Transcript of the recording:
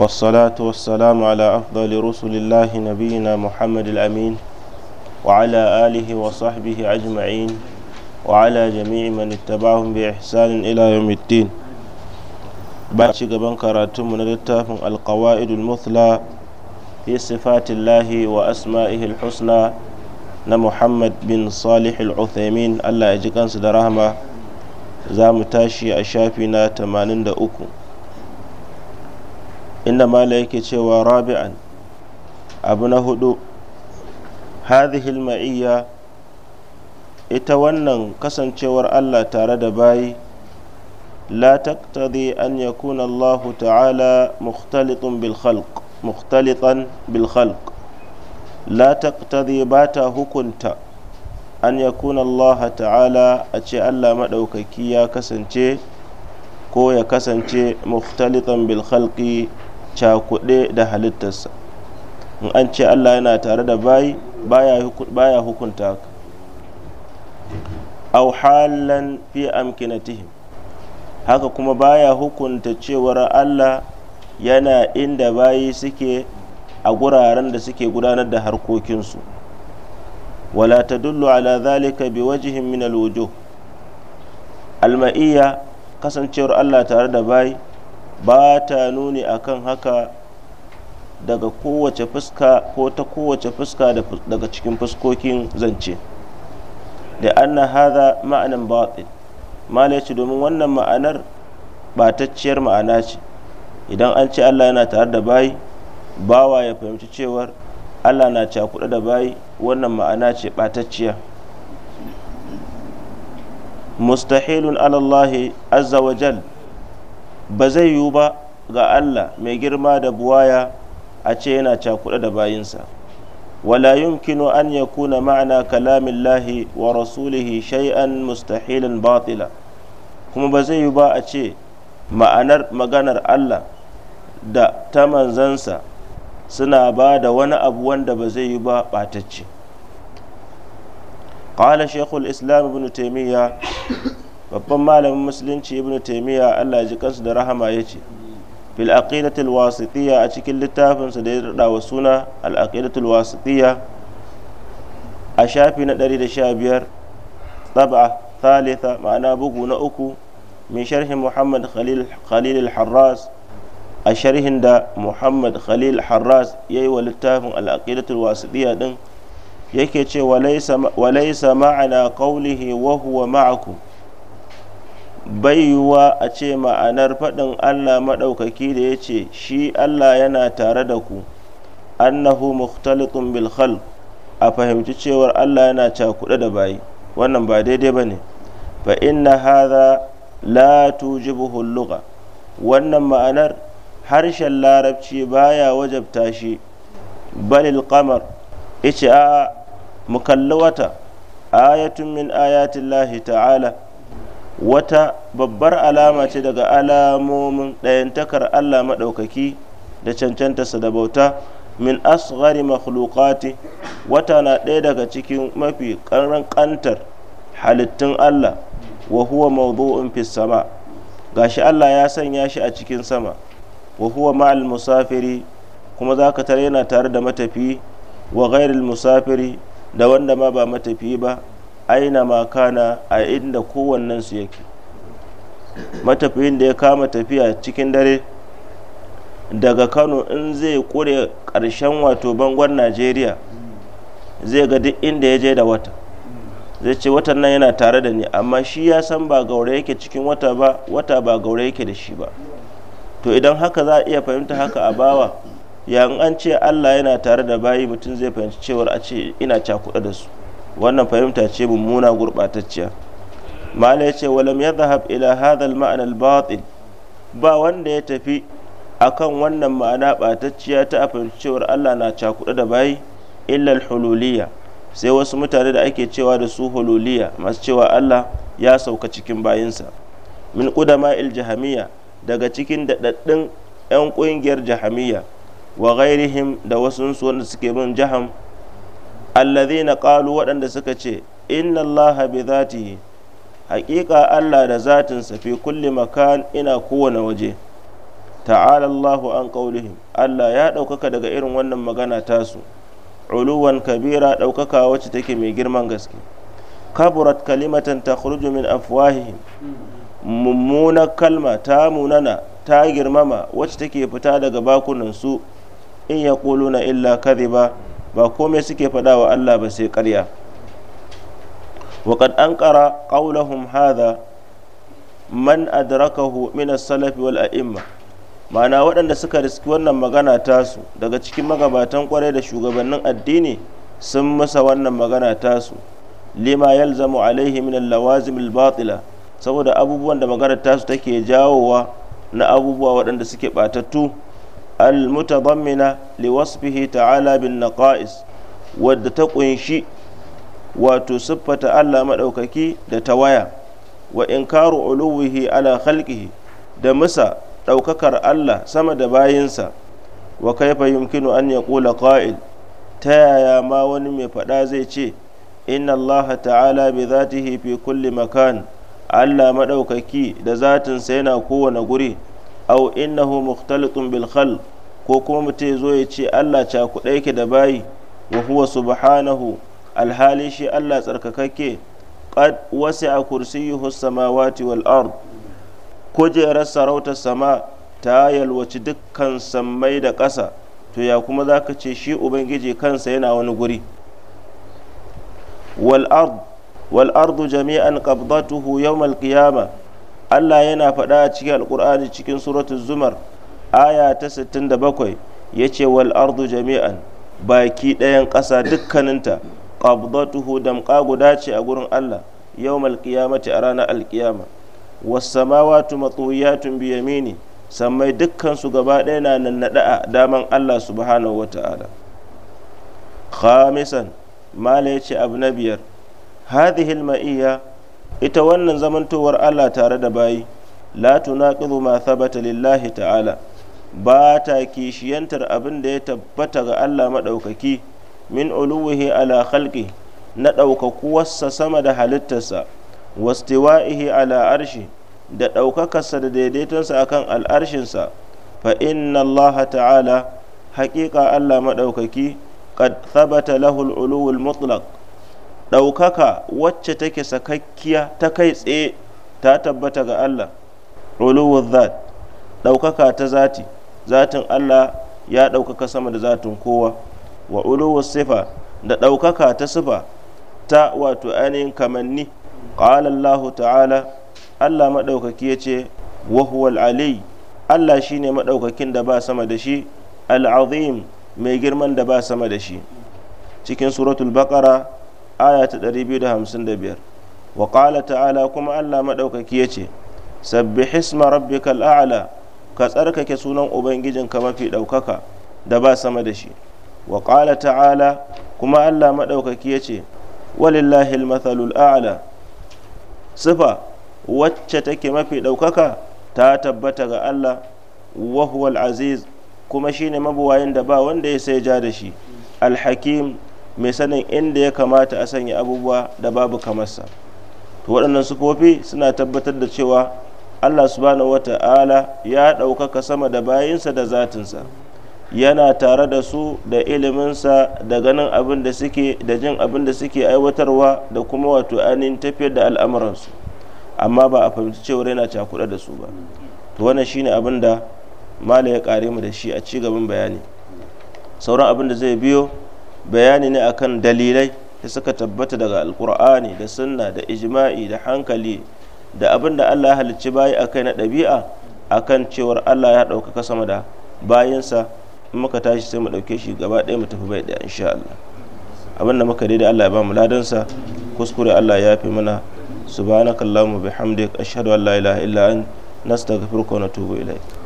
والصلاة والسلام على أفضل رسل الله نبينا محمد الأمين وعلى آله وصحبه أجمعين وعلى جميع من اتبعهم بإحسان إلى يوم الدين بعد شقبان كراتم من التافن القواعد المثلى في صفات الله وأسمائه الحسنى نمحمد بن صالح العثيمين الله يجيكان صدرهما زام تاشي أشافنا 83 inda mala yake cewa rabi'an abu na hudu hadhihi ma'iyya ita wannan kasancewar Allah tare da bayi la taqtadi an yakuna Allah ta'ala mukhtalitan bil khalq mukhtalitan bil khalq la taqtadi bata hukunta an yakuna Allah ta'ala a ce Allah madaukaki ya kasance ko ya kasance mukhtalitan bil khalqi cakuɗe da halittarsa in an ce Allah yana tare da bayi baya hukunta ka au halan fi amkinatihim haka kuma baya hukunta cewar Allah yana inda bayi suke a guraren da suke gudanar da harkokinsu wala ta dullu ala zalika bi wajihin min alwujuh alma'iyya kasancewar Allah tare da bayi ba ta nuni kan haka daga kowace fuska ko ta kowace fuska daga cikin fuskokin zance da anna hadha ma'anan batil mala ce domin wannan ma'anar batacciyar ma'ana ce idan an ce Allah yana tare da bayi bawa ya fahimci cewar Allah na cakuɗa da bayi wannan ma'ana ce batacciya mustahilun alallahi azza wa ba zai yiwu ba ga Allah mai girma da buwaya a ce yana cakuɗa da bayinsa wala yumkinu an ya kuna ma'ana kalamillahi wa rasulihi shay'an mustahilan batila kuma ba zai yiwu ba a ce ma'anar maganar Allah da ta manzansa suna ba da wani abu wanda ba zai yi ba ɓatacce قال شيخ islam ابن taimiyya. babban malamin musulunci ibnu taimiyya allah ya ji kansu da rahama ya ce fil aqidatul wasitiyya a cikin littafinsa da ya rada wa suna al aqidatul wasitiyya a shafi na 115 tsaba thalitha ma'ana bugu na uku min sharhin muhammad khalil khalil harras a sharhin da muhammad khalil harras ya yi wa littafin al'aqidatul wasiɗiya ɗin yake ce walaisa ma'ana qawlihi wa huwa ma'akum baiwa a ce ma'anar faɗin Allah maɗaukaki da ya ce shi Allah yana tare da ku annahu mukhtalitun bil khalq a fahimci cewar Allah yana cakuɗe da bayi wannan ba daidai ba ne fa inna hadha la tujibuhu lugha wannan ma'anar harshen larabci baya wajabta shi balil qamar ice a mu kalli wata ayatun min ayatillahi ta'ala wata babbar alama ce daga alamomin ɗayantakar Allah maɗaukaki da cancantarsa da bauta min asghari makhluqati wata na ɗaya daga cikin mafi ƙantar halittun Allah wa huwa mawdu'un fis sama gashi Allah ya sanya shi a cikin sama wa huwa ma'al musafiri kuma zaka tare yana tare da matafi wa ghairil musafiri da wanda ma ba matafi ba aina makana a inda kowannen su yake matafiyin da ya kama tafiya cikin dare daga kano in zai kure karshen wato bangon najeriya zai ga duk inda ya je da wata zai ce watan nan yana tare da ni amma shi ya san ba gaure yake cikin wata ba wata ba gaure yake da shi ba to idan haka za a iya fahimta haka a bawa ya an ce allah yana tare da bayi mutum zai fahimci cewar a ce ina cakuɗa da su wannan fahimta ce mummuna gurɓatacciya ce yace walam yadhhab ila hadha al-ma'na al-batil ba wanda ya tafi akan wannan ma'ana batacciya ta afincewar Allah na cakuɗa da bayi illa al hululiyya sai wasu mutane da ake cewa da su hululiyya masu cewa Allah ya sauka cikin bayinsa min qudama al-jahamiyya daga cikin daɗaɗɗun 'yan ƙungiyar jahamiyya wa ghairihim da wasu wanda suke bin jaham na ƙalu waɗanda suka ce inna Allah bi zatihi haƙiƙa allah da zatinsa fi kulli makan ina kowane waje ta'ala allahu an ƙaulihim allah ya ɗaukaka daga irin wannan magana tasu uluwan kabira ɗaukaka wacce take mai girman gaske kaburat kalimatan ta min afwahihim mummunan kalma ta munana ta girmama wacce take fita daga bakunansu in ya na illa kadhiba ba ba komai suke faɗawa wa Allah ba sai ƙarya an ƙara قولهم hada man adrakahu min as-salafi wal a'imma ma'ana waɗanda suka riski wannan magana tasu daga cikin magabatan ƙwarai da shugabannin addini sun masa wannan magana tasu lima yalzamu alaihi min al-lawazim batila saboda abubuwan da maganar tasu take jawowa na abubuwa waɗanda suke ɓatattu. المتضمنة لوصفه تعالى بالنقائص wadda ta ƙunshi wato siffata Allah maɗaukaki da tawaya wa inkaru uluwihi ala khalqihi da musa ɗaukakar Allah sama da bayinsa wa kai yumkinu an ya ƙula ƙa'il ta yaya ma wani mai faɗa zai ce inna Allah ta'ala bi zatihi fi kulli makan Allah maɗaukaki da zatinsa yana kowane guri au innahu mukhtalitun bil khalq ko kuma mutum ya zo ya ce Allah cakuɗa yake da bayi wa huwa subhanahu alhali shi Allah tsarkakakke qad wasi'a kursiyyuhu samawati wal ard kujerar sarautar sama ta yalwaci dukkan sammai da ƙasa to ya kuma za ka ce shi ubangiji kansa yana wani guri wal ard wal ardu jami'an qabdatuhu yawm al qiyamah Allah yana faɗa a cikin alkur'ani cikin suratul zumar aya ta 67 yace wal ardu jami'an baki ɗayan ƙasa dukkaninta qabdatuhu damƙa guda ce a gurin Allah yau qiyamati a ranar alkiyama was samawati matuyatun bi yamini sammai dukkansu gaba ɗaya na nannaɗa a daman Allah subhanahu wata'ala khamisan mala yace abu na biyar hadihil maiyya ita wannan zamantowar Allah tare da bayi la tunaqidu ma thabata lillahi ta'ala ba ta kishiyantar abin da ya tabbata ga Allah maɗaukaki min uluwihi ala khalqi na ɗaukakuwarsa sama da halittarsa wastiwa'ihi ala arshi da ɗaukakarsa da daidaitonsa akan al'arshinsa fa inna Allah ta'ala haƙiƙa Allah maɗaukaki qad thabata lahul uluwul mutlaq ɗaukaka wacce take sakakkiya ta kai tsaye ta tabbata ga Allah ruluwar zat ɗaukaka ta zati zatin Allah ya ɗaukaka sama da zatin kowa wa ruluwar sifa da ɗaukaka ta sifa ta wato ainihin kamanni qala Allah ta'ala Allah maɗaukaki ya ce wahuwal huwal Allah Allah shine maɗaukakin da ba sama da shi al'azim mai girman da ba sama da shi cikin suratul baqara aya ta ɗari biyu 255 wa qala ta'ala kuma Allah madaukaki yace sabbih isma rabbikal a'la ka tsarkake sunan ubangijin ka mafi ɗaukaka da ba sama da shi wa qala ta'ala kuma Allah madaukaki yace walillahi al-mathalul a'la sifa wacce take mafi ɗaukaka ta tabbata ga Allah wa aziz kuma shine mabuwayin da ba wanda ya sai ja da shi alhakim mai sanin inda ya kamata a sanya abubuwa da babu kamarsa to waɗannan sufofi suna tabbatar da cewa allah subhanahu ta'ala ya ɗaukaka sama da bayinsa da zatinsa yana tare da su da iliminsa da ganin abin da suke da jin abin da suke aiwatarwa da kuma wato ainihin tafiyar da al'amuransu amma ba a fahimci cewa yana cakuɗa da su ba to wannan shine abin da mala ya kare mu da shi a ci gaban bayani sauran abin da zai biyo bayani ne akan dalilai da suka tabbata daga alkur'ani da sunna da ijma'i da hankali da abin da allah ya halicci bayi akai na ɗabi'a akan cewar allah ya ɗaukaka sama da bayansa in muka tashi sai mu ɗauke shi gaba ɗaya mu tafi bai ɗaya insha allah abin da muka daidai allah ya ba mu sa kuskure allah ya fi mana subhanakallahumma bihamdik ashhadu an la ilaha illa anta nastaghfiruka wa natubu ilaik